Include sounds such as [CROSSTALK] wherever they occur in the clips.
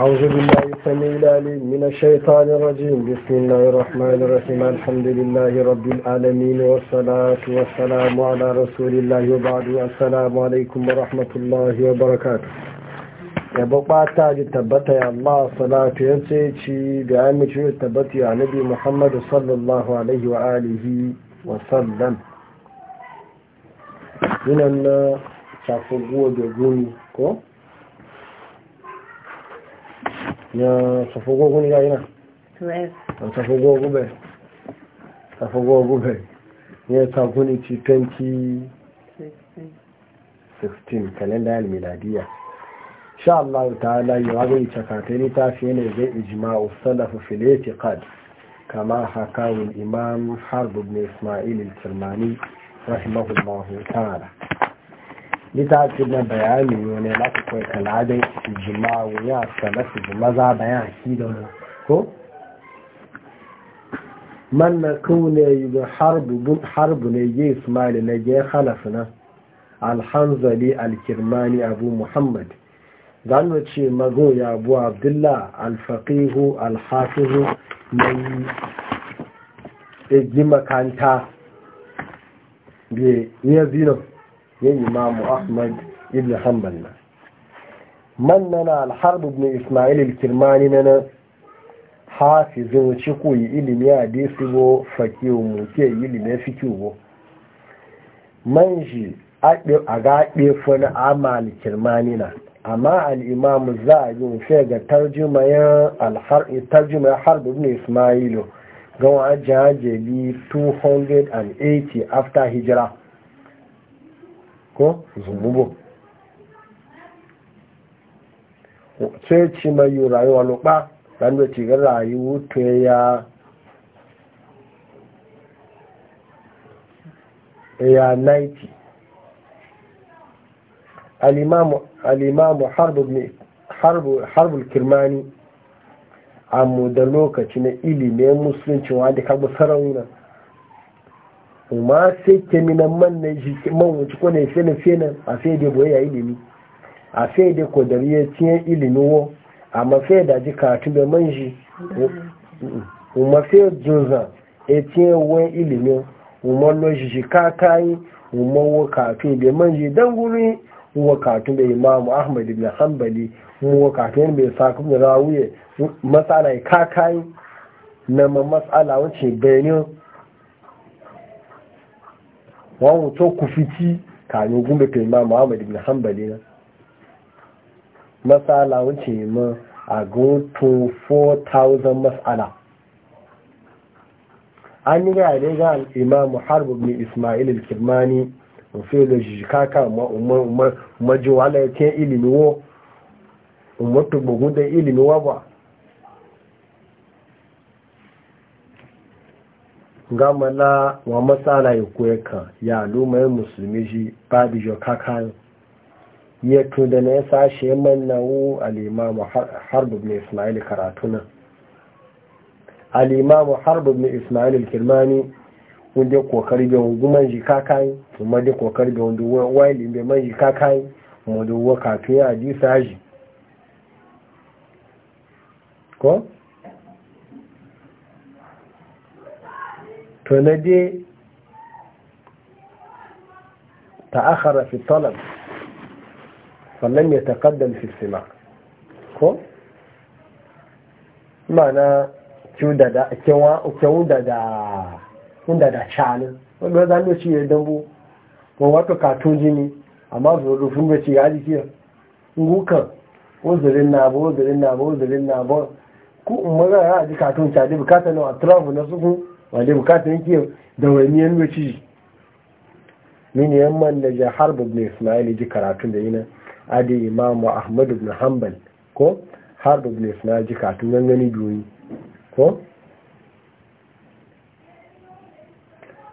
أعوذ بالله السميع العليم من الشيطان الرجيم بسم الله الرحمن الرحيم الحمد لله رب العالمين والصلاة والسلام على رسول الله وبعد السلام عليكم ورحمة الله وبركاته ya bukata da tabbata ya Allah salatu ya ce ci da ya mace da tabbata ya nabi Muhammadu sallallahu alaihi wa alihi wa sallam yinan na shafi guwa da gumi ko? yan safogogo ni yayi na 12 safogogo be safogogo be yan taguni ci 2016 kalenda al miladiya insha Allah ta'ala ya ga itakatai ni ta fi ne zai ijma'u salaf fil Kama haka حكاه imam حرب بن Ismail al رحمه الله ta'ala. littafin na bayani kai lafakwai kaladin jima wuya su ji maza bayan shi da wani ko? man na ne yi harbu ne yi ismaili na gen na alhanzali alkirmani abu muhammad gano ce ya abu abdullah alfaqihu alhafihu yi egi makanta biye iya zinan ya imamu ahmad ibn hanbal na man nana alharb ibn ismail al-kirmani nana hafizin wuce koyi ilimi a desi bo fakiyo mu ke ilimi fikiyo bo man shi a gaɓe fana amal kirmani na amma al'imamu za a yi fi ga tarjumayen harbi ibn ismailu ga wajen jeli 280 after hijira ko zumbubo sai ci mai yi rayuwa lokpa, don da ci ga rayu to ya ya 90 alimamu harbul kirmani a mu da lokaci na ilimin musulunci wadda kagba wunan kuma sai keminan man na shi man wuce ko ne fene fene a sai da boye ilimi a sai da ko da riya tiyan ilimi wo amma sai da ji karatu da man shi kuma sai junza e tiyan ilimi kuma lo shi shi kakai kuma wo karatu da man shi dan guri wo karatu da imam ahmad ibn hanbali wo karatu da sakun rawiye masala kakai na ma masala wace bayanin wọn wuce ku fiti kayo gumbe kai Muhammadu, muhammad ibn hanbali na masala wuce ma a go to 4000 masala an yi ga ne ga imam harb bin isma'il al-kirmani fi da jikaka ma umma umma majiwala yake ilimi wo umma to bugu da ilimi wa ba gama na wa matsala ya koya ka ya lumai musulmi ji babu jo kakan ya da na ya sashe wu alimamu harbu ne ismail karatuna alimamu harbu ne ismail kirmani wanda kokari bai hukuman ji kakan kuma da kokari bai wanda wani bai man ji kakan kuma da wakatun ya ji sashi ko to na ta akara fi talab sannan ya taqaddam fi sima ko mana kyau da da kyau da da inda da cani wanda za mu ci ya dambu ko wata katon jini amma zo rufin da ci yaji ke ngukan uzurin na ba uzurin na ba uzurin na ba ku umma a ji katun cadi bukata na atrafu na suku wadda bukatar yake dawainiyar wuci mini yamman da ja harbu ibn ismail ji karatu da yana adi imamu Ahmadu ibn hanbal ko harbu ibn ismail ji karatun gangani doyi ko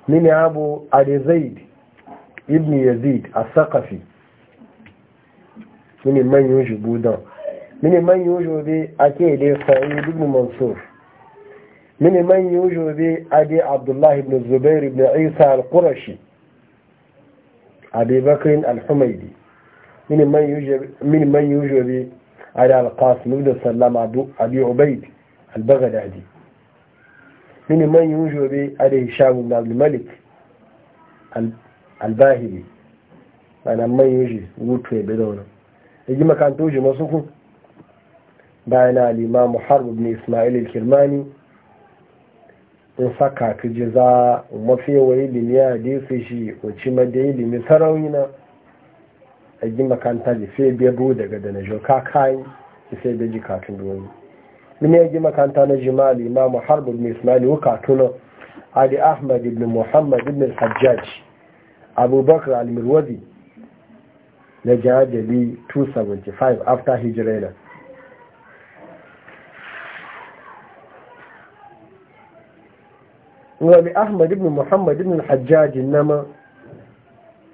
mini abu adi zaid ibn yazid a sakafi mini manyan budan mini manyan shugudan ake dai sa'ayi dubu mansur mini man yi wujudi adi abdullahi ibn zubair ibn isa al-qurashi abubakar al-humaidi mini man yi wujudi adi al-qasim ibn sallam abu ubaid al-baghdadi mini man yi wujudi adi hisham ibn al-malik al-bahiri ana man yi wujudi wutu ya bedo na yaji makanta wujudi masu ku bayan al-imam ibn ismail al-kirmani in saka ka ji za mafi wa ilimi a desa shi wace mada ilimi sarauni na a gi makanta ji sai biya bu daga da na jo ka kayi ki sai biya ji katun duwani mini ya gi makanta na jimali imamu harbu ibn ismaili wa katuna ali ahmad ibn muhammad ibn hajjaj abubakar al-mirwazi na jihar 275 after hijira wani ahmad ibn muhammad ibn hajjaji nama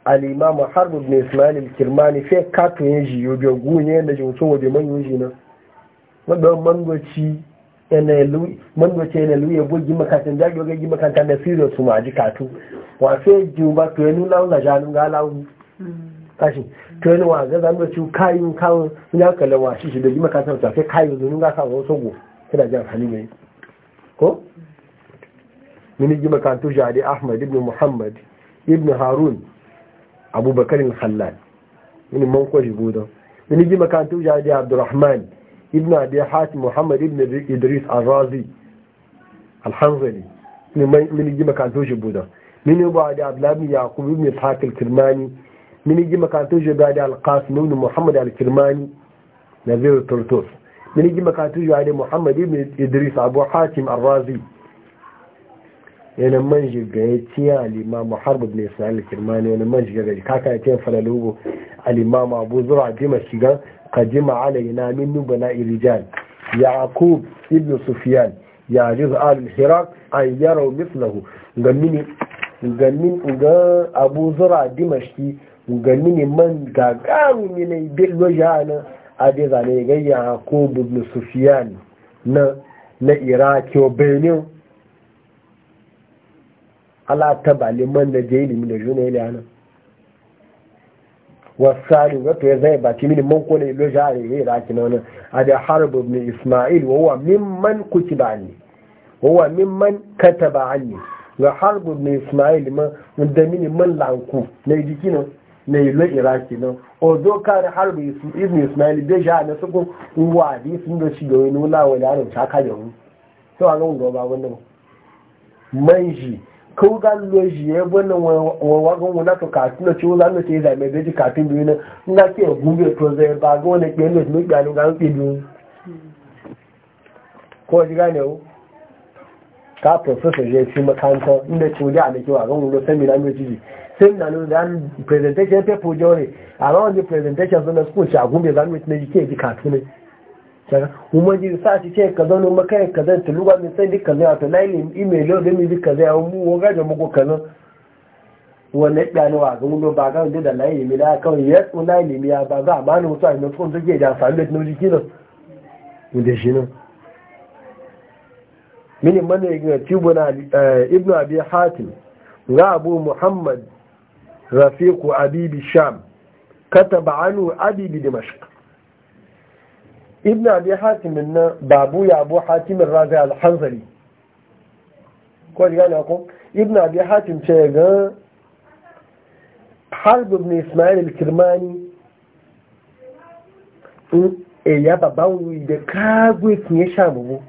alimamu harbu ibn ismail kirmani fe kato yin yobe gunye da mutum na wadda mangoci mangoci yana luye jagi da su ma ji kato wa fe ji kashi to wa ga zan kayun kawun ya shi shi da fe kayun zunun ga wasu go kina jan hannu ko mini gima kanto jari ahmad ibn muhammad ibn harun abubakar al-khallal mini man ko shigo da mini gima kanto jari abdurrahman ibn abi hatim muhammad ibn idris al-razi al-hanzali mini gima kanto shigo da mini ba da abdullahi yaqub ibn ishaq al-kirmani mini gima kanto jari al-qasim ibn muhammad al-kirmani nazir turtus mini gima kanto jari muhammad ibn idris abu hatim al yana man shiga ya tiya alimamu harbu ne su alikirmani yana man shiga gaji kaka ya tiyan falalubu alimamu abu zura jima shiga kajima alayna min nubana irijal yaqub ibn sufyan ya jiz al-hiraq an yaraw mithlahu gamini gamin ga abu zura dimashki gamini man gagaru ne ne billo jana ade zane ga yaqub ibn sufyan na na iraki wa benin ala taba liman da je ilimi da juna ile e ana wasali wato ya zai baki mini man kone ilo jari ne da ake nan a da harbu ibn isma'il wa huwa mimman kutiba anni wa huwa mimman kataba anni wa harbu ibn isma'il ma da mini man lanku na jiki nan na ilo iraki nan o zo kare harbu ibn isma'il da ja na ko: wa bi sun da shi da wani wula wani aron ta kaje mu to a ga mun gaba wannan ji. kau ga loji ya bane wawagon wuna to kati na ciwo za mu ce zai mai beji kati biyu na na ke gube to zai ba ga wani ke ne mu gani ga mu biyu ko ji gane o ka professor je ci makanta inda ciwo da ne kiwa ga wuna sai mi na mu ji sai na no zan, presentation ya paper jore a ran di presentation zo na shi, a gube za mu ne ke ji kati ne daga kuma ji sa ci ce ka no maka ka kaza ta mai sai dika zai wato laili email yau dai dika zai yau mu waga da muku kaza wanda ya ni wa ga mu ba ga da laili mai da kawai ya tsu laili mai ya ba za ba ni mutu a ina tsohon zage da sami da tunan jiki nan da shi nan mini mana yi gina tibuna eh, ibn abi hatim ga abu muhammad rafiku abibi sham كتب عنه أبي بدمشق ibn abi hatim nan babu ya abu hatim razi al-hanzali ko ji gane ko ibn abi hatim ce ga harb ibn ismail al-kirmani in hmm, e ya baba wi da kagwe kin ya sha bubu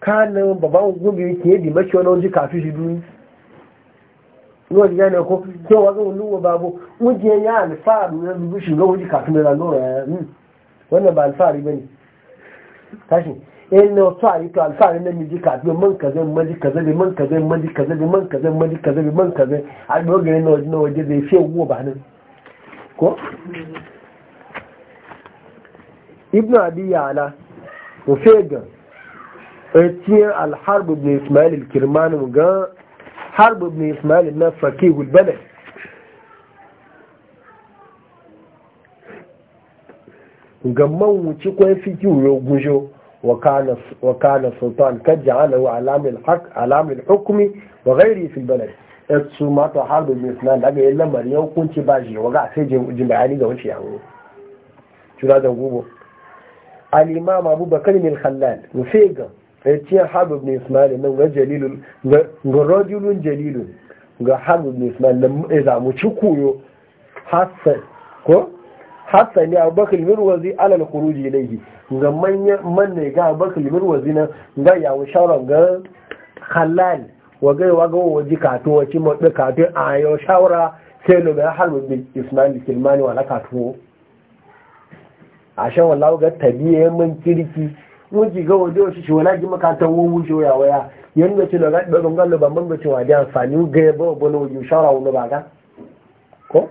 kanin baban gumi kinye ya dimashi wani wajen kafin shi duniya ní ọdí ko ẹ̀kọ́ tí wọ́n wáyé olówó bábó wọ́n jẹ yẹn àlìfáàrù rẹ̀ lórí ṣùgbọ́n wọ́n jí kàtúnmẹ́ra lọ́rọ̀ ẹ̀rùn wọ́n ba bá àlìfáàrù bẹ́ni tashi ẹni ọ̀tọ́ àyíkọ àlìfáàrù náà mi jí kàtúnmẹ́ mọ́n kàzẹ́ mọ́dí kàzẹ́ bí mọ́n kàzẹ́ man kàzẹ́ bí mọ́n kàzẹ́ mọ́dí kàzẹ́ bí mọ́n kàzẹ́ agbẹ́gbẹ́rin náà ọdún náà ọjọ́ bẹ́ẹ̀ ba nan ko. Ibn kọ́ ibnu abiyala òfin gan ẹtí alharbu bin ismail kirmanu gan harb ibn ismail ibn faqih al-badr gamman wuce kwan fiki wuro gujo wa kana sultan kad ja'alahu alamil haq alamil hukmi wa ghairi fil balad su ma to harb da ismail yi yin lamarin hukunci ba shi waga sai jin bayani ga wuce yawo tura da gubo al-imam abubakar bin khallal mufega fetiyar eh, habu ibn ismail nan ga jalilun ga rajulun jalilun ga habu ibn ismail nan ya eh, zamu ci koyo hassan ko hassan ya bakal mirwazi alal kuruji ilayhi ga manyan manne ga bakal mirwazi nan ga yawo shawaran ga halal wa gai wa ga waji kato wace mu da kato ayo shawara sai lo ga habu ibn ismail kilmani wala kato a shan wallahi ga tabiye mun kirki wuji ga waje wasu shi wala gima kata wo wuji waya waya yan ga cilo ga dogon gallo amfani ga ba ba no wuji shara ba ga ko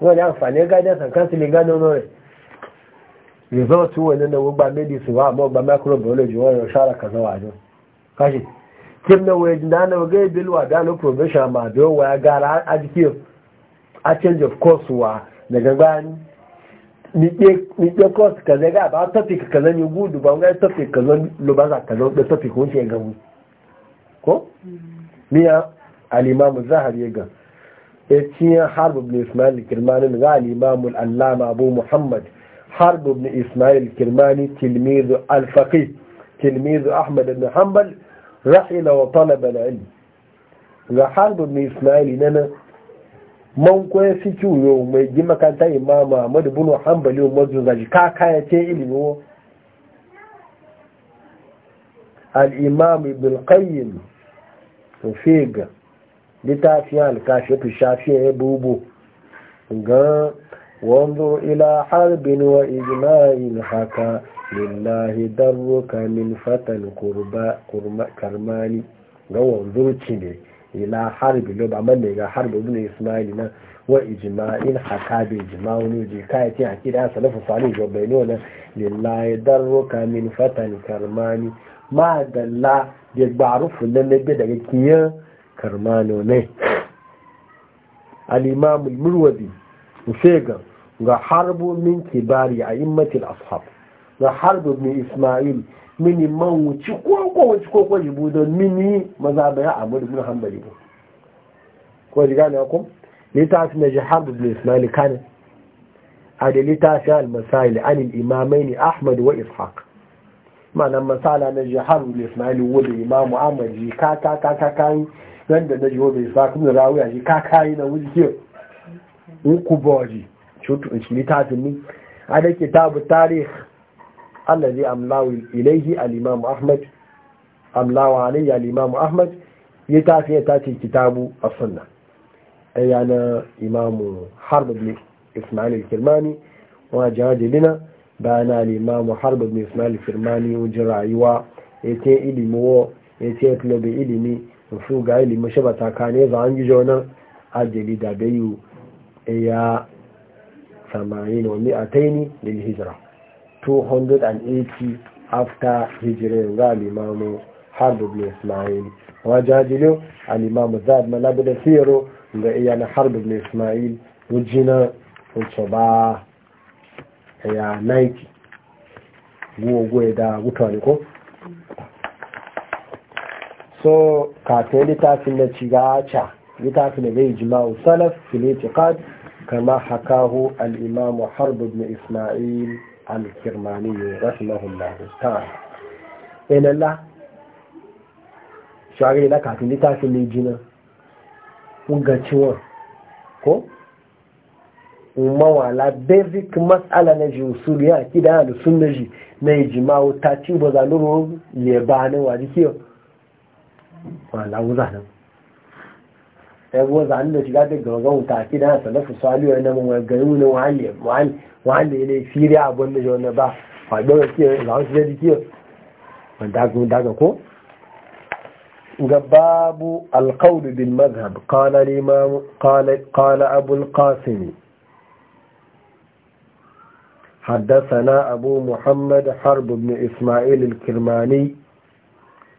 wani amfani ga san result na wo ba medicine wa mo ba microbiology wo shara kaza waje kashi kim na waje da na ga bilwa da no provision ma do wa a jikin a miƙe course kaza ga ba topic kaza ne gudu ba wani topic kaza lubasa kaza da topic wuce ga mu ko miya alimamu zahar ya ga ya ciye harb ibn ismail kirmani ga alimamu allama abu muhammad harb ibn ismail kirmani tilmizu alfaqi tilmizu ahmad ibn hanbal rahila wa talaba al-ilm ga harb ibn ismail nana man koya fiki mai gi makanta imama Ahmad ibn Hanbali wa mazun zaji ka kaya ce ilimi al-imam ibn qayyim to figa litafiya al-kashif shafi ya bubu ga wanzu ila harbin wa ijma'in haka lillahi darruka min fatan kurba ga wanzu ne ila harbi lo ba man ga harbi ibn isma'il na wa ijma'in hakabi ijma'u ne je kai ti akida salafu salih jo bayno na lillahi darruka min fatan karmani ma dalla ya ba'rufu nan ne daga kiyan karmano ne al-imam al-murwadi musega ga harbu min kibari a ashab ga harbu ibn isma'il mini man wuci ko wuci ko ko jibu don mini maza bayan abu da hanbali ne ko jiga ne ko littafi na jihar da ismail kanin a da littafi al-masail an al-imamai ne ahmad wa ishaq ma'anar masala na jihar da ismail wanda imamu ahmad ji ka ka ka ka kayi nan da na jihar da ishaq kuma rawuya ji ka yi na wuji ke ku boji littafin ne a da kitabu tarihi allazi amlawu ilaihi al-imam ahmad amlawa alayhi al ahmad ya tafi ya tace kitabu as-sunna ayyana imamu harb ibn isma'il al-kirmani wa jajilina bayana al-imam harb ibn isma'il al-kirmani wajen rayuwa yace ilimi wo yace tulabi ilimi su ga ilimi shi ba takane za an yi jona ajali da bayu ya 80 wa 200 lil hijra 280 after hijirin ga limamu harbu bin ismail wajajilo alimamu zaɓi malabu da siyaro ga iya na harbu bin ismail wujina wuce ba ya 90 guogwe da gutane ko so kafin littafin na cigaca littafin da zai jima'u salaf fil kad kama hakahu al-imamu harbu bin ismail al-kirmani rahimahullahu ta'ala enalla shawari da kafin littafin ne jina ga ciwon ko mawala basic matsala na ji usuriya kida da sunna ji na ijima'u ta ci ba zanuro lebanin wa jikiyo wala wuzanin yabo za da shiga da gaugan taki da salafu gari ne firi da ba da da daga ko ga babu alqaul bil madhhab qala al imam qala qala حدثنا أبو محمد حرب بن إسماعيل الكرماني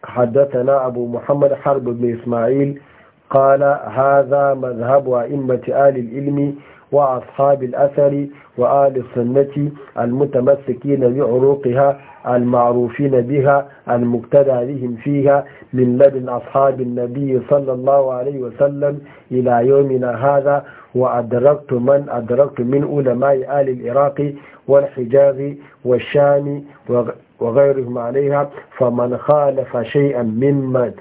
حدثنا أبو محمد حرب بن إسماعيل قال هذا مذهب أئمة آل العلم وأصحاب الأثر وآل السنة المتمسكين بعروقها المعروفين بها المقتدى بهم فيها من لدن أصحاب النبي صلى الله عليه وسلم إلى يومنا هذا وأدركت من أدركت من علماء آل العراق والحجاز والشام وغيرهم عليها فمن خالف شيئا ممن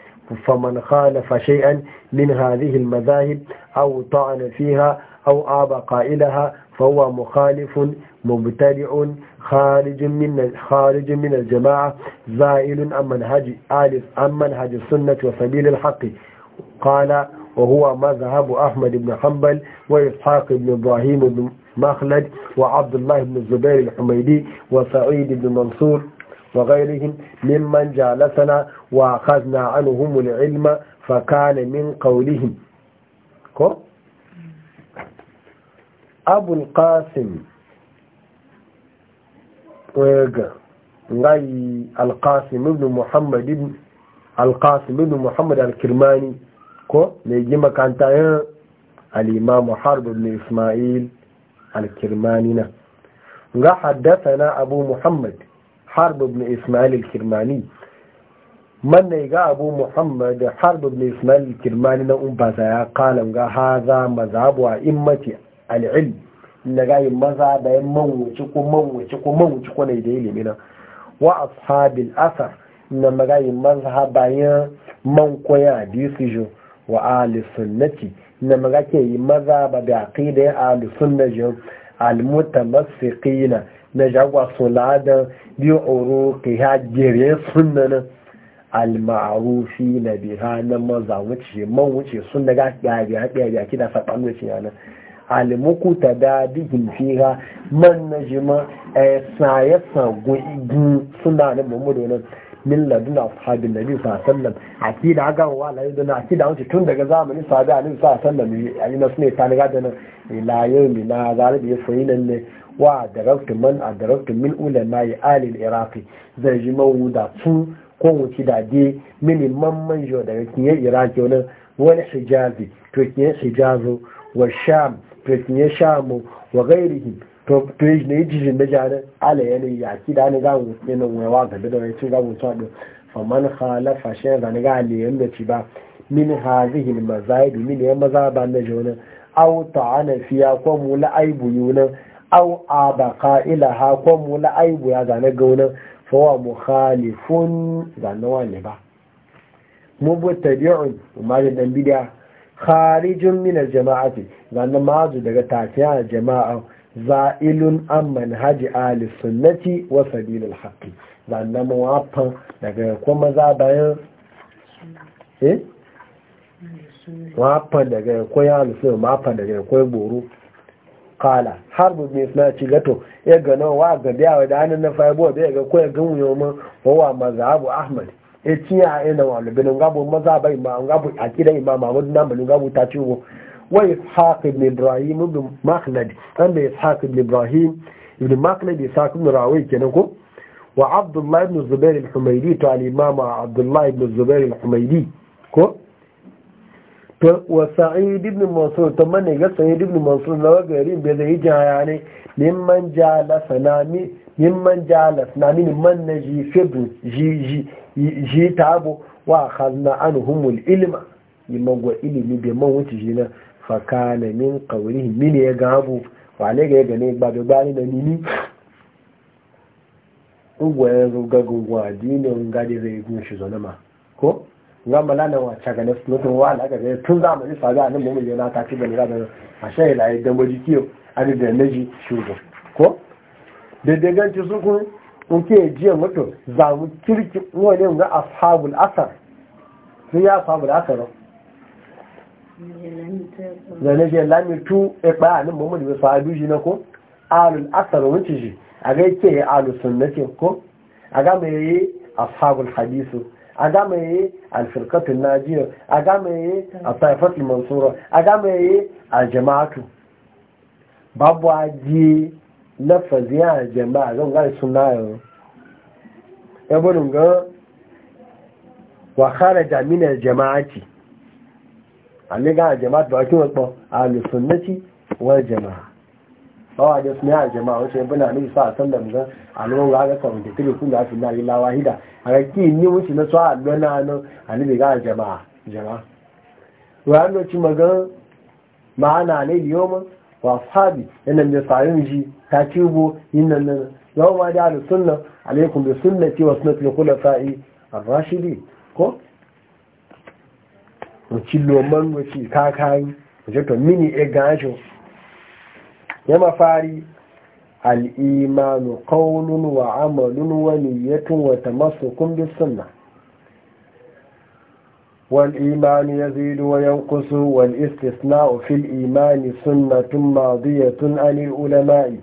فمن خالف شيئا من هذه المذاهب أو طعن فيها أو آبى قائلها فهو مخالف مبتدع خارج من خارج من الجماعة زائل عن منهج آل عن منهج السنة وسبيل الحق قال وهو مذهب أحمد بن حنبل وإسحاق بن إبراهيم بن مخلد وعبد الله بن الزبير الحميدي وسعيد بن منصور وغيرهم ممن جالسنا wa khazna anhum al-ilma fa kana min qawlihim ko abul qasim wega ngai al-qasim ibn muhammad ibn al-qasim ibn muhammad al-kirmani ko mai yi makanta yin al-imam harb ibn isma'il al-kirmani na ga haddathana abu muhammad harb ibn isma'il al-kirmani man ne ga abu muhammad harb ibn ismail kirmani na umbasa ya kala ga za mazhabu a immati al al'il na ga yi maza da yan manwuci ko manwuci ko manwuci ko ne da ilimi na wa ashabil asar na maga maza magayi mazhabayan man koya hadisi jo wa ahli sunnati na maga magake yi mazhaba da aqida ahli sunnati jo al mutamassiqina na jagwa suladan bi uruqiha jere sunnana al almarufi na biha na maza wuce man wuce sun daga ɗaya ɗaya kida saɓan wuce yana alimuku ta da digin fiha man na jima a eh, saye sago suna na muhammadu wani min laduna ashabin nabi sa sallam akida aga wa la yaduna akida wuce tun daga zamanin sahabi ali sa sallam ali na sunne tani ga da nan ila yau mina galibi ya soyi nan ne wa darabtu man adarabtu min ulama ya alil iraqi zai ji mawuda tun ko wuce da de mini mamman jo daga kinye iraki wani wani hijazi to kinye hijazo wa sham to kinye shamu wa gairihi to to yi ne jijin da jare ala yana ya ki da ni gawo yanin wa ga da wani cin gawo tsado faman khalafa shi da ni ga aliyan da ci ba min hazihi mazaibi min ya maza ba na jona aw ta'ana fiya ko mu la aibu yuna aw abaka ha ko mu la aibu ya zane gaunan fawa mukhalifun zanawa ne ba mubtadi'un umarin dan bid'a kharijun min al-jama'ati zanan mazu daga tafiya jama'a za za'ilun an Hajji Ali, sunnati wa sabilil haqqi zanan muwaffan daga kuma za bayan eh muwaffan daga koyan alusun muwaffan daga koyan boro kala har bu mai suna ci gato ya gano wa ga biya da hannun na faibo da ya ga ko ya gan yau man wawa mazhabu ahmad e a ina wa lubin gabo mazhaba imam gabo akida imam mahmud na bulu gabo ta ci wo wa ishaq ibn ibrahim ibn makhlad kan da ishaq ibn ibrahim ibn makhlad ishaq ibn rawi kenan ko wa abdullah ibn zubair al-humaydi to al-imam abdullah ibn zubair al-humaydi ko wa sa'id ibn mansur to mane ga sa'id ibn mansur na gari be da yi jaya ne mimman jala sanami mimman jala sanami mimman na ji ji ji ji tabo wa khadna al ilma mimman go ilimi be man wuce jina fa kana min qawlihi min ya gabu wa ne ga gane ba be ba ni da nini ugwe ga zo gagun gwa dinin gadi zai gun shi zonama ko nga mala na wata ga nasu mutum wa alaka ga tun zamani sabi a nan mu yana ta ci bani ranar a shayi la yi dambo ji kiyo a da da naji shugo ko da daganci su kun in ke jiya mutu za mu kirki wani ga ashabul asar sun ya ashabul asar da na je lamitu e kpa a nan mu da sabi ji na ko alul asar wuce ji a ga ke alul sunnatin ko a ga mai ashabul hadisu a gamaye yayi alfirkatun najiya a gamaye a taifatul mansura a gamaye a aljama'atu babu aji lafazi ya jama'a zan gari suna yau ya burin ga wakara jami'ar jama'aci a liga jama'at ba kin wasu alusunnati wal jama'a bawa da suna a jama'a wacce yabi na nufi sa'a sallam zan a ga aka da tiri kun da fi na yi lawa hida a ga ni wuce na tsawa a lona na a ga a jama'a jama'a wa an ci magan ma'ana ne yoma wa sabi yana da sayin ji ta cibo yin nan nan yau ma da alu sunna alaikum bi sunnati wa sunnati khulafa'i ar-rashidin ko mu cillo wacce mu ci kakai mu je to mini ya e gajo يما فاري الإيمان قول وعمل ونية وتمسك بالسنة والإيمان يزيد وينقص والاستثناء في الإيمان سنة ماضية عن العلماء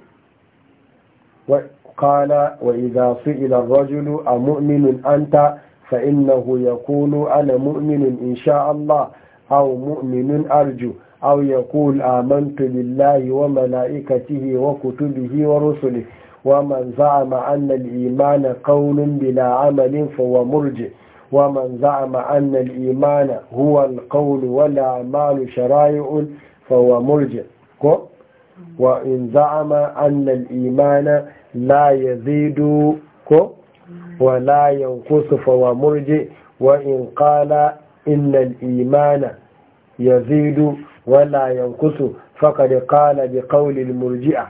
وقال وإذا سئل الرجل أمؤمن أنت فإنه يقول أنا مؤمن إن شاء الله أو مؤمن أرجو أو يقول آمنت بالله وملائكته وكتبه ورسله ومن زعم أن الإيمان قول بلا عمل فهو مرجع ومن زعم أن الإيمان هو القول ولا أعمال شرائع فهو مرجع وإن زعم أن الإيمان لا يزيد ولا ينقص فهو مرجع وإن قال إن الإيمان يزيد ولا ينقص فقد قال بقول المرجئة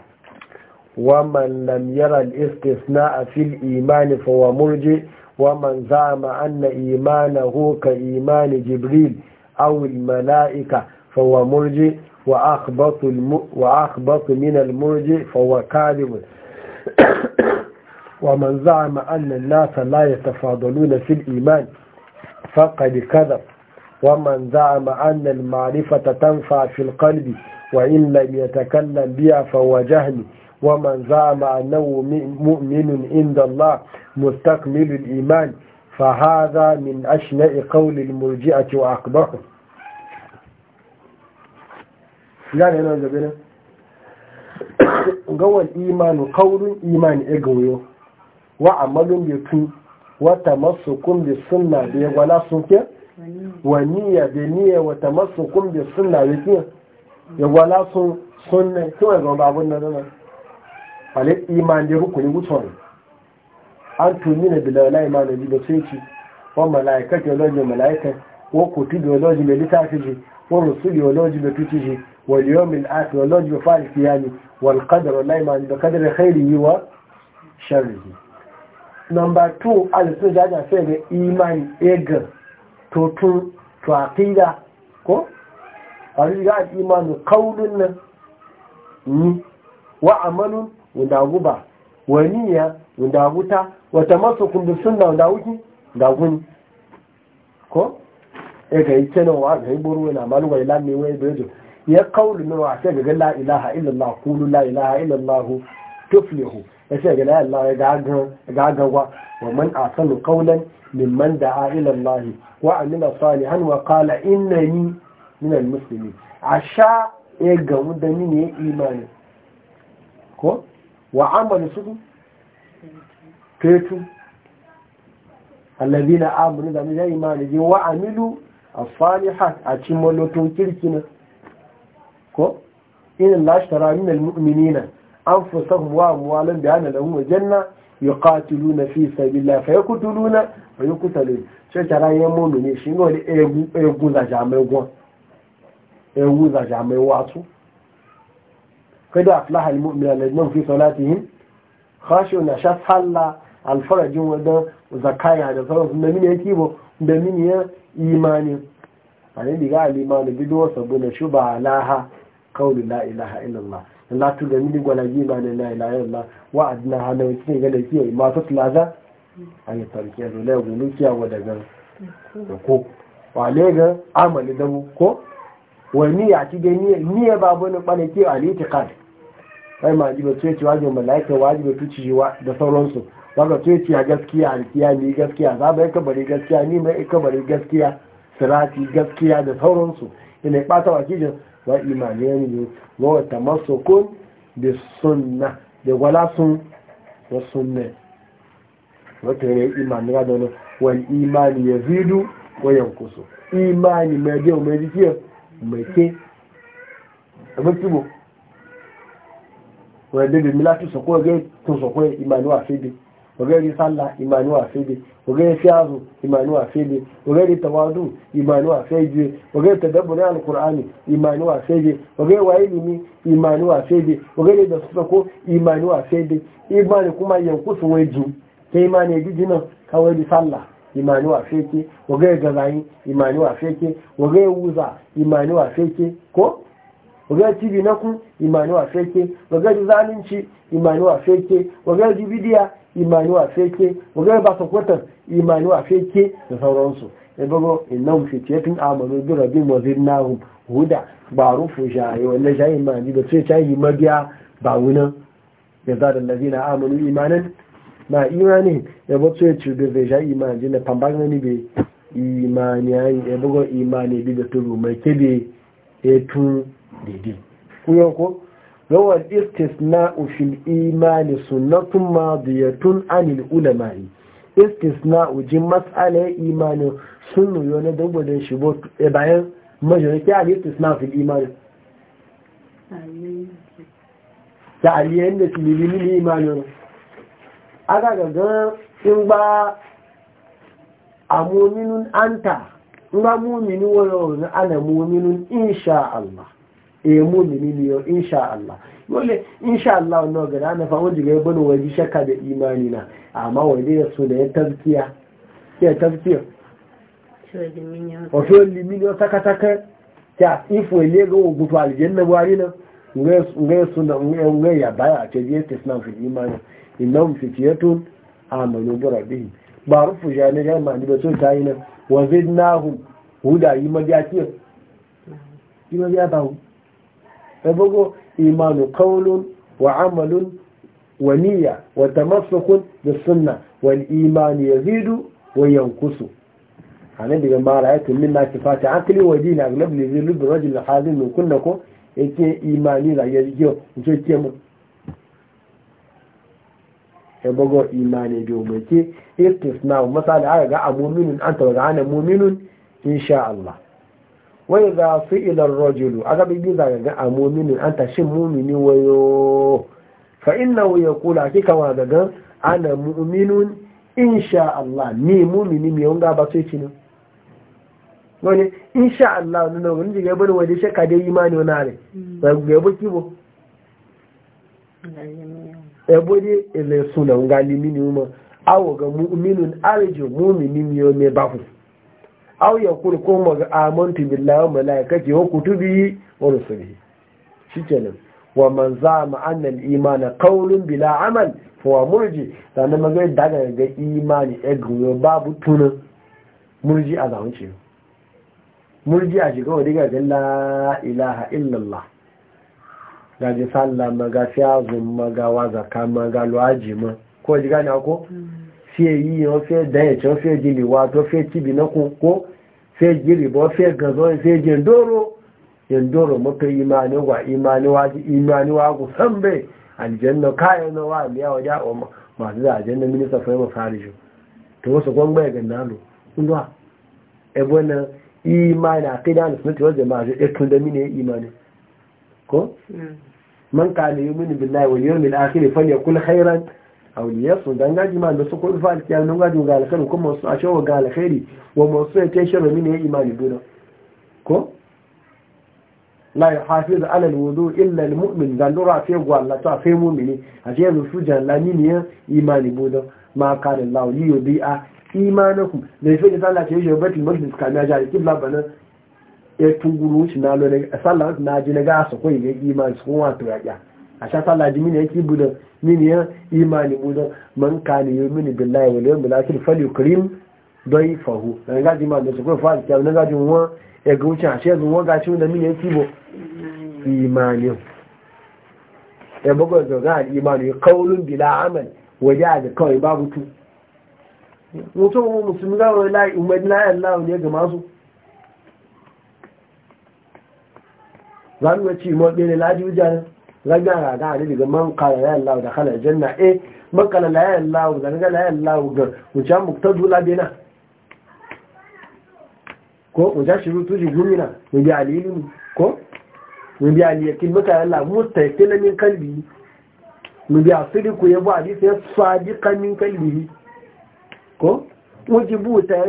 ومن لم يرى الاستثناء في الإيمان فهو مرجئ ومن زعم أن إيمانه كإيمان جبريل أو الملائكة فهو مرجئ وأخبط, الم... وأخبط من المرجئ فهو كاذب [COUGHS] ومن زعم أن الناس لا يتفاضلون في الإيمان فقد كذب ومن زعم أن المعرفة تنفع في القلب وإن لم يتكلم بها فهو جهل ومن زعم أنه مؤمن عند الله مستكمل الإيمان فهذا من أشنع قول المرجئة وأقبحه gane nan zabe nan gawal imanu kaurin imani egoyo wa amalin bitu wata masukun bi sunna bi wala sunke waniya da niyya wata masu kumbi suna yake ya gwala sun sunna kiwon zama babun na zama falit iman da rukuni wucin an tuni na bilala imanin bi da sai ci wa mala'ika teologi mala'ika wa kuti biologi mai littafi ji ko rusu biologi mai tuci ji wa liyomin archaeologi mai fari kiyami wal kadar wala imanin da kadar khairi yi wa sharri number two alisun jaja sai ga Iman egan tutun tuwaƙida ko ƙwarin ga imanu kaunin nan ni wa amalun wudagu ba wani ya wudagu ta wata masu kundin suna wudaguki daguni ko e ga yi kenan wa ga yi buru wani amalu wa ila mai wani bejo ya kaunin nan wa sai ga la ilaha illallah kulu la ilaha illallah tuflihu ya ce ga la ilaha ya gagan wa man asalu kaunan mimman da'a ila Allah wa amila salihan wa qala innani min almuslimin asha ya gamu da ni ne imani ko wa amalu su ketu alladhina amanu da ni imani wa amilu as-salihat a cikin molotun kirkina ko inna lashtara min almu'minina anfusahum wa amwalan bi anna lahum janna yuqatiluna fi sabilillah fayaqtuluna wa yuqtalun ṣe tara yẹn mọ́mí ní ṣe náà egun zàjàmẹ́gbọ́n ewu zàjàmẹ́wà tún kẹ́dọ̀ àfíláhà ìmọ̀mìnà lẹ́gbọ́n fi sọ láti yìí ṣáṣe ònà ṣáṣálà alfarajin wadon zakaya da sauran su mẹ́mí yẹn kíbo mẹ́mí yẹn imani a ní diga al'imani bidowa sabu na shuba alaha kawulila ilaha illallah latu da mili mini gwala ji ba la ilaha illa wa adna hana wuce ga da fiye masu tulaza a yi tarke a la gulu kiya wa daga ko wa le ga amali da ko wa ni ya ci gani ni ni ya bane ne bane kiyo al itiqad kai ma jiba ba ce ci wajibi malaika wajibi tuci wa da sauransu kaga ce ci gaskiya a alkiya ni gaskiya za ba ka bari gaskiya ni mai ka bari gaskiya sirati gaskiya da sauransu ina ba ta wakijin wa imaniyan ne wa tamassukun bi sunna da wala sun wa sunna wata ne imani ga don wal imani yazidu wa yankusu imani mai je mai jike mai ke abin kibo wanda da milatu sokwa ga tun sokwa imani wa sai ogeri sallah imanu a fede ogeri fiyazu imanu a fede ogeri tawadu imanu a fede ogeri tadabbura alqur'ani imanu a fede ogeri Wa mi imanu a fede ogeri da suka ko imanu a fede imani kuma yanku su waju ke imani gidi na kawai sallah imanu a fede ogeri gazayi imanu a fede ogeri wuza imanu a fede ko ogeri tibi na ku imanu a fede ogeri zalunci imanu a fede ogeri bidiya imani wa feke magana ba su kwatar imani wa feke da sauransu ya bago innan fitiyatun amanu bi rabin wazin nahum huda ba rufu shayi wanda shayi imani da ce shayi mabiya ba wunan ya za da lazina amanu imanin na imani ya ba ce ci da zai shayi imani na pambaga ni be imani ya bago imani bi da turu mai kebe etun dede kuyo ko هو الاستثناء في الإيمان سنة ماضية عن العلماء استثناء جن مسألة إيمان سنة يوندو ودن شبوت إبعين مجرد يعني استثناء في الإيمان يعني تعليين تليلين الإيمان أغاقا قد با أمومن أنت أمومن با ويوم أنا مومن إن شاء الله emu mini yo insha Allah dole insha Allah no ga da na fa ga ya bani waji shakka da imani na amma waje ya so da ya tazkiya ya tazkiya o so limini o taka taka ta ifo ile ga ogun to aljanna buhari na ngai so da ngai ya baya ce je tisnan fi imani innahum fitiyatun amanu bi rabbihim ba rufu jani ga ma ni ba so tayi na wa zidnahum huda yi ma biya ki yi ma ebogo imanu kaulun wa amalun wa niyya wa tamassukun suna sunna wal ya yazidu wa yankusu ana daga mara ya ayatu minna an kili wa din aglab li rajin rajul halin mai kunna ko ya yake imani da in ce ke mu ebogo imani biyo mai ke istisna masala ga an anta wa ana muminun insha Allah wai za fi ilar rajulu a gabi giza ga a muminin an tashin mumini wayo fa inna ya kula ki kama gaga ana mu'minun insha Allah ni mumini mai wanga ba sai cinin wani insha Allah nuna wani jiga bani ga aw ya kuri ko maga amantu billahi wa malaikati wa kutubi wa rusulihi shikenan wa man zama anna al-imana qawlun bila amal fa wa murji ma maga daga ga imani egro babu tunan murji a zaunci murji a shiga wadda ga la ilaha illallah ga ji sallah maga fiyazun ga wazaka maga luwaji ma ko ji gane ko mm. fẹ́ yíyan fẹ́ dáyẹ̀tọ́ fẹ́ jìnlẹ̀ wà tó fẹ́ tíbi náà kó kó fẹ́ jìnlẹ̀ fẹ́ gànzọ́ fẹ́ jẹ̀ndóró jẹ̀ndóró mọ́tò ìmániwá ìmániwá kò sánbẹ̀ aljanna kayan na wa biya wa ja'o masu da aljanna minista fa yamma wasu da mini ko auliyarsu don gaji ma da su kuma fa alkiya don gaji ga alkhairu kuma su a shawo ga alkhairi wa masu ya kai shirin mini ya imani duna ko la ya hafi da alal wudu illa almu'min da lura fi gwallata fi mu'mini a ce yanzu su janla mini ya imani duna ma kare lauli yo a imanakum da ya fi da sallah ce yau batul majlis kamiya jari kibla bana ya tunguru shi na lura sallah na ji na gasa ko ya imani su kuma to ya a sha sallah ji mini yake budan mini ya imani budan man yi yu'minu billahi wal yawmil akhir falyukrim dayfahu dan ga ji ma da ko fa ta nan ga ji won e ga wuce a she zuwa ga shi da mini yake bo imani ya bugo da ga imani qaulun bila amal waje da kawai babu tu mutum musulmi ga wani layi umar layi Allah ne ga masu zanuwa ci mawaɗe ne laji wujanen lagara da ali daga man qala la ilaha da khala janna eh man qala la ilaha da daga la ilaha ga wuce muktadu la bina ko wuce shurutu ji gumina mu bi alilu ko mu bi aliyakin maka Allah mustaqil min kalbi mu bi asiriku yabo hadisi ya sadiqan min kalbi ko wajibu ta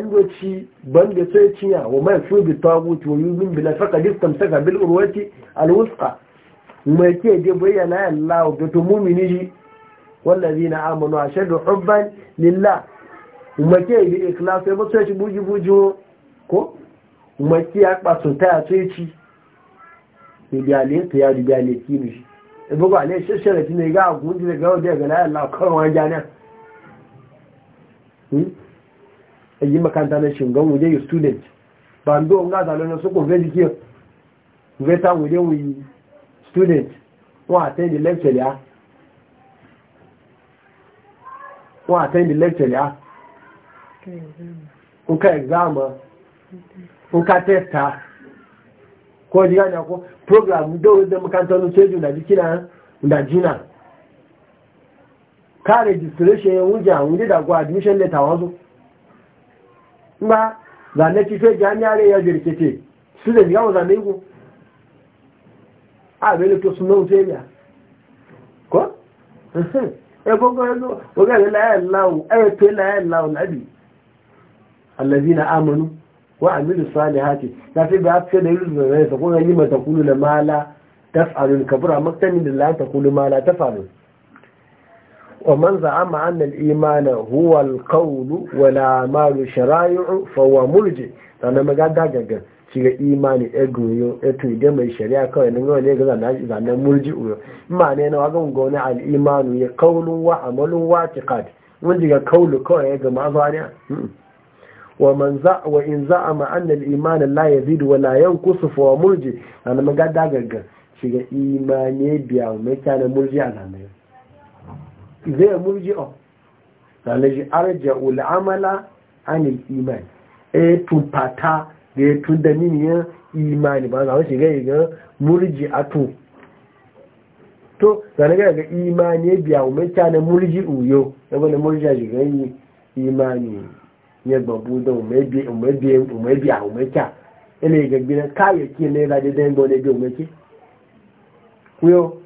ban da sai ciya wa mai bi tagut wa yumin bila faqad istamsaka bil urwati al wusqa mai ke da bayyana Allah ga to mu'mini ji wallazina amanu a ashadu hubban lilla. mai ke da ikhlas sai mutunci buji buji ko mai ke ya kwaso ta ya ce ci ne da ta ya da ne ki ne e bugo ale sheshare ti ne ga gunji da ga da ga Allah kawai wa jana hmm? a yi makanta na shingan wuje yi student ba ndo nga zalo na su ko vezi kiyo veta wuje wuyi student wọ́n attend the lecture yá wọ́n attend the lecture yá nka exam nka test ko ji gani ko program da wanda makarantar sun ce juna jikina da jina ka registration yin wuja wuri da kwa admission letter wazo ba zane ci fe jami'ar ya jirkete su da jigawa zane àbẹ́lẹ̀ tó súnmọ́ oúnjẹ ìyà kọ́ ẹgbọ́gbọ́ lá, wọ́gẹ́rẹ́ láyẹ̀láwò ẹ̀rẹ́pẹ́ láyẹ̀láwò lábì alẹ́bí na amonu wa aminu sali haki na fi ba fi da yi zurare ta kuma yi mata kulu da mala ta faru kabura maktanin da la ta kulu mala ta faru ومن زعم أن الإيمان هو القول ولا مال شرائع فهو مرجع أنا ما قاعد أقول shiga imani egoyo eh, eto eh, idan mai shari'a kawai nan gawa ne ga zanen murji uyo ma ne na wagon gona al'imanu ya kaulun wa amalun wa tiqad mun diga kaulu kawai ya gama zaniya hmm. wa man za wa in za a ma'anar imanin la ya zidu wa la yan kusufa wa murji na maga dagagga shiga imani biya mai kyanar murji a zanen zai murji o zanen shi arja ul'amala anil imani e eh, tupata da ya tun da miniyan imani ba za shiga ga murji ato to zane ga imani ya biya umarta na murji uyo ya gwada murji a shiga yi imani ya babu da umarbiya umarta ina yi gagbinan kayayyaki na ya zaɗe don gwada biya umarki kuyo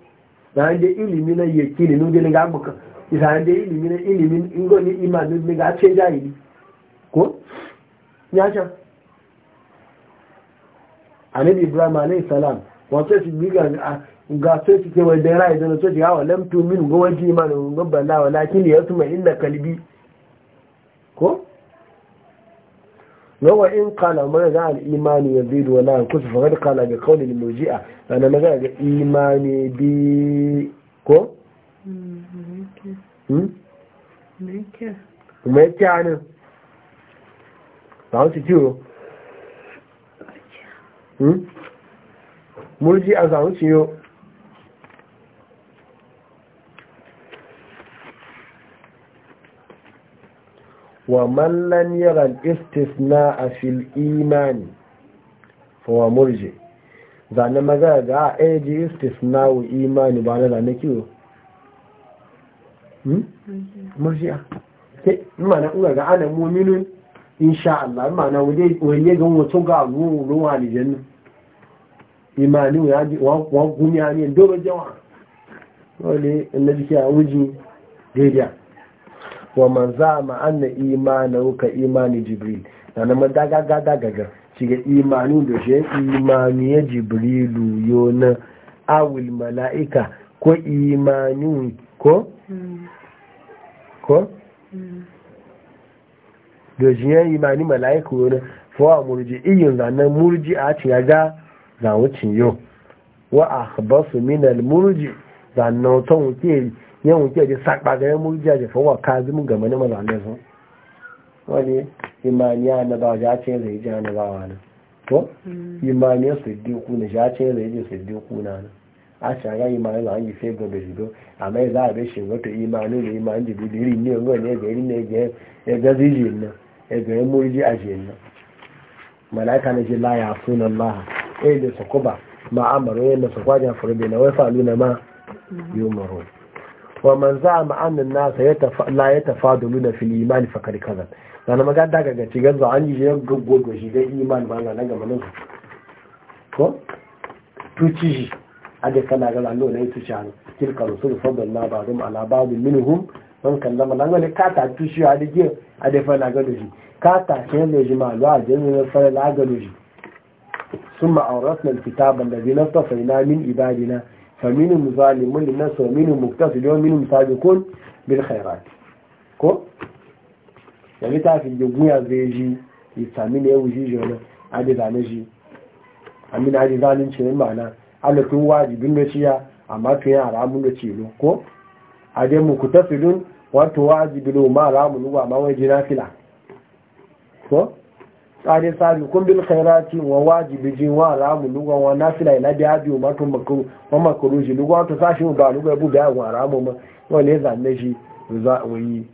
zane da ilimi na yaki ne nuje na gabuka zane da ilimi na ilimin ingoni imani ne ga ce jahili ko ya shan annabi ibrahim alayhi salam wato ti biga ga to ti ke wai da rai da to shi lam tu min go waji ma go balla walakin ya tuma inda kalbi ko wa in qala man za al imani yazid wa la yanqus faqad qala bi qawli al murji'a ana maga ga imani bi ko hmm mekya ne ba su ciwo Hmm? mulki a zaun ciyo wa mallan yaran istisna a fil imani wa murje zane maza ga a aji eh, istisna wa imani ba na zane kiwo hmm? murje a ke mana ga ana muminin sha Allah ma'ana wani gan wato ga ruwan ruwa alijan nan imani ya ji wa gumiya ne doro jawa wale na jiki a wuji daidai wa man za ma anna imana ka imani jibril na na man daga gada shiga imanin da shi imani ya jibrilu yo na awil mala'ika ko imanin ko hmm. ko hmm. da imani mala'iku wani fowa murji iyin zanen murji a ci ya ga zawucin yau wa a basu minal murji zanen wata wuke yan wuke ji saɓa ga yan murji a jefa wa ka zimin game na mazanen sun wani imaniya na ba ja ce zai ji na bawa nan to imaniya su di kuna ja ce zai ji su di kuna nan a ci ga imani za a yi gaba gobe a amma za a bai shi wata imani da imani da bidiri ne wani ne e ga ne ga zai ji nan daga yin murji a jiyan nan mala'ika na ji la ya sunan laha eh, ɗaya da sokoba kuba ma amaro yadda eh, su kwajen furbe na wai falu ma yi umaru wa man za a nasa la ya tafa domin na fili imani fakar kazan zana maganda ga gaci ganzu an yi yin gaggogo shi ga imani ba zana ga manin ko tuci shi a da kana ga zano na yi tuci hannu tilka fadon na ba zama ala babu minhum don kallama na gole ka ta tushe a dike a da fara galoji ka ta ce ne ji malu a jini na fara na galoji sun ma'aurat na kitaban da zinar ta faina min ibadina faminin zalimun da nasu minin muktasu da minin sabiqun bil khairat ko ya ni ta fi gugunya zai ji sami isamin ya wuji jona a da zane ji amin a da zalunci ne ma'ana alakin wajibin da ciya amma tun yara mun da cilo ko ade mu kutasilun wato wajibilu ma ramu nuwa ma wai jinafila ko tsare sabi kun bil khairati wa wajibi jin wa ramu nuwa wa nafila ila biya biyu ma tun makru wa makru ji nuwa to sashi ba nuwa bu biya wa ramu ma wa ne zanne shi za a yi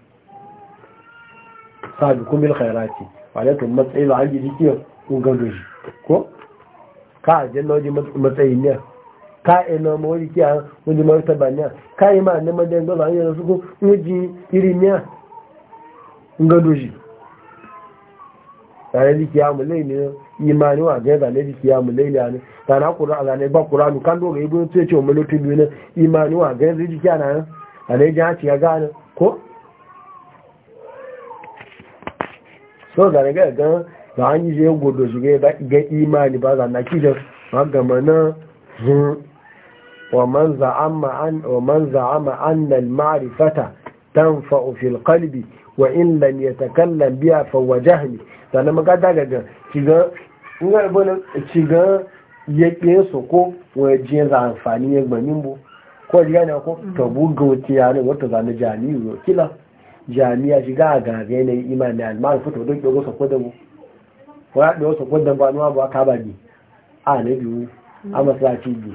sabi kun bil khairati wale to matsayi za a ji dikiyo kun gado shi ko ka ajin loji matsayi ne ka ena ma ki a wani martaba niya ka yi e ma ne madan gaba hanyar su ko iri miya nga doji tare da kiya mu lai ne imani wa ga zane da anyị mu lai akwụrụ kura zane anyị kura mu kan doga ibo ce ce mu lutu imani wa ga zai kiya na a ne ja ya ko so zane ga ga ba an yi je godo shi anyị ba na kijan ga ومن زعم عن ومن زعم ان المعرفه تنفع في القلب وان لم يتكلم بها فهو جهل فانا ما قاعد ga shiga ina shiga yake ko waje za amfani ya gbanin bu ko ko to ya ne zane jami'u kila jami'a shiga a gaga ne imani don mu ko ba nuwa ba ka ba a na biyu a biyu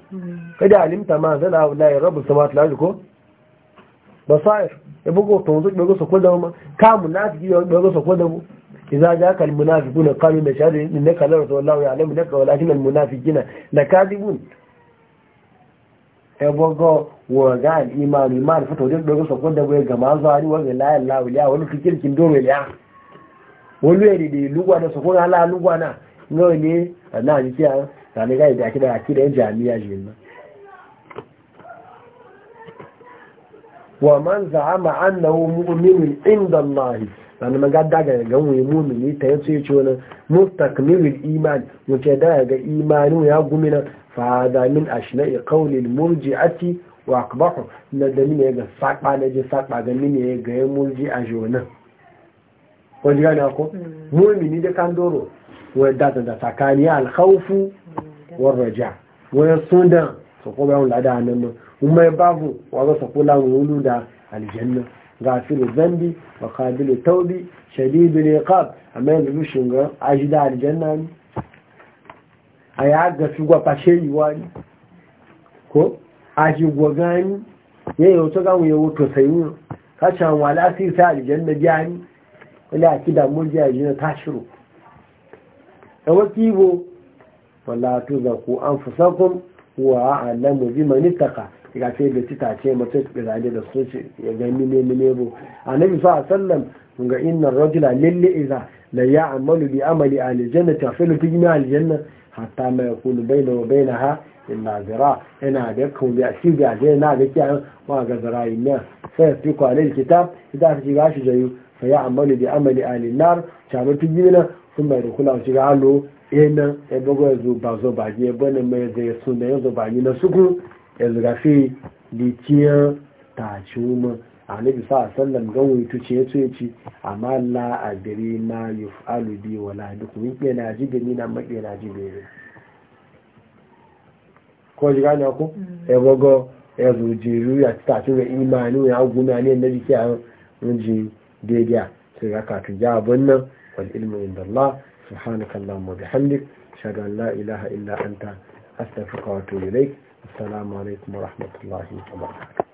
kada alimta ma zana wallahi rabbus samawati wal ardi ko basair ibugo to zuwa ibugo sako da mu ka munafiki ibugo sako da mu idza jaaka al munafiquna qalu la shahadu innaka la rasul allah ya'lamu naka walakin al munafiqina lakadibun ibugo wa ga al iman iman fito da ibugo sako da mu ga mazari wa la ilaha illa wani fikirkin dole ya wani yadda da lugwa da sako na la lugwa na náà ní ọ̀nà àjíkí àwọn ìrànlẹ́gá ìdí àkídà àkídà ẹ̀jẹ̀ àmì àjẹ́ náà máa ń a ga wani mumini ta yi ce ce wani mustakmilin iman ga imani ya gumina fa zamin ashina ikaulil murji'ati wa na da ya ga sakpa na sakpa ga ya ga a mm. kan wadda da tsakani alkhawfu war raja wani sundan su ko bayan lada nan kuma babu wazo su kula da aljanna غافل الذنب وقابل التوب شديد العقاب اما يلو شنغا اجدا الجنه اي عاد سوغا باشي واني ko aji gwagani ya yi wato gamu ya wato sayi kashin wala sai sa aljanna jani wala akida murji ajina tashiru yawa kibo za ku an fusakun wa a'lamu biman ittaqa ga ce da titace mace da da su ce ya ga ne ne bu annabi sa sallam ga inna rajula lil iza la ya'malu bi amali ahli jannati fa fi jami'a al janna hatta ma yakunu bayna wa bainaha illa zira ina ga kun bi shi ga je na ga kiyan wa ga zira'i ne sai fi ko kitab idan shi gashi jayu fa ya'malu bi amali ahli nar ta mutu gina. sun bai da kula shiga alo yana ebogo ya zo ba zo ba ji ebo ne mai zai sun da ya ba ni na suku ya zurafi litiyar tashi mu a nabi sa sallam gan wuyi tuce ya tuye ci amma la a ma yi alu bi wala duk mun ke na ji gani na maɗe na ji gani ko ji gani ku ebogo mm. ya zo jeru ya tashi ga imanu ya gumi ne na jiki a yin ji daidai sai ya katun ja abin nan والعلم عند الله سبحانك اللهم وبحمدك أشهد أن لا إله إلا أنت أستغفرك وأتوب إليك السلام عليكم ورحمة الله وبركاته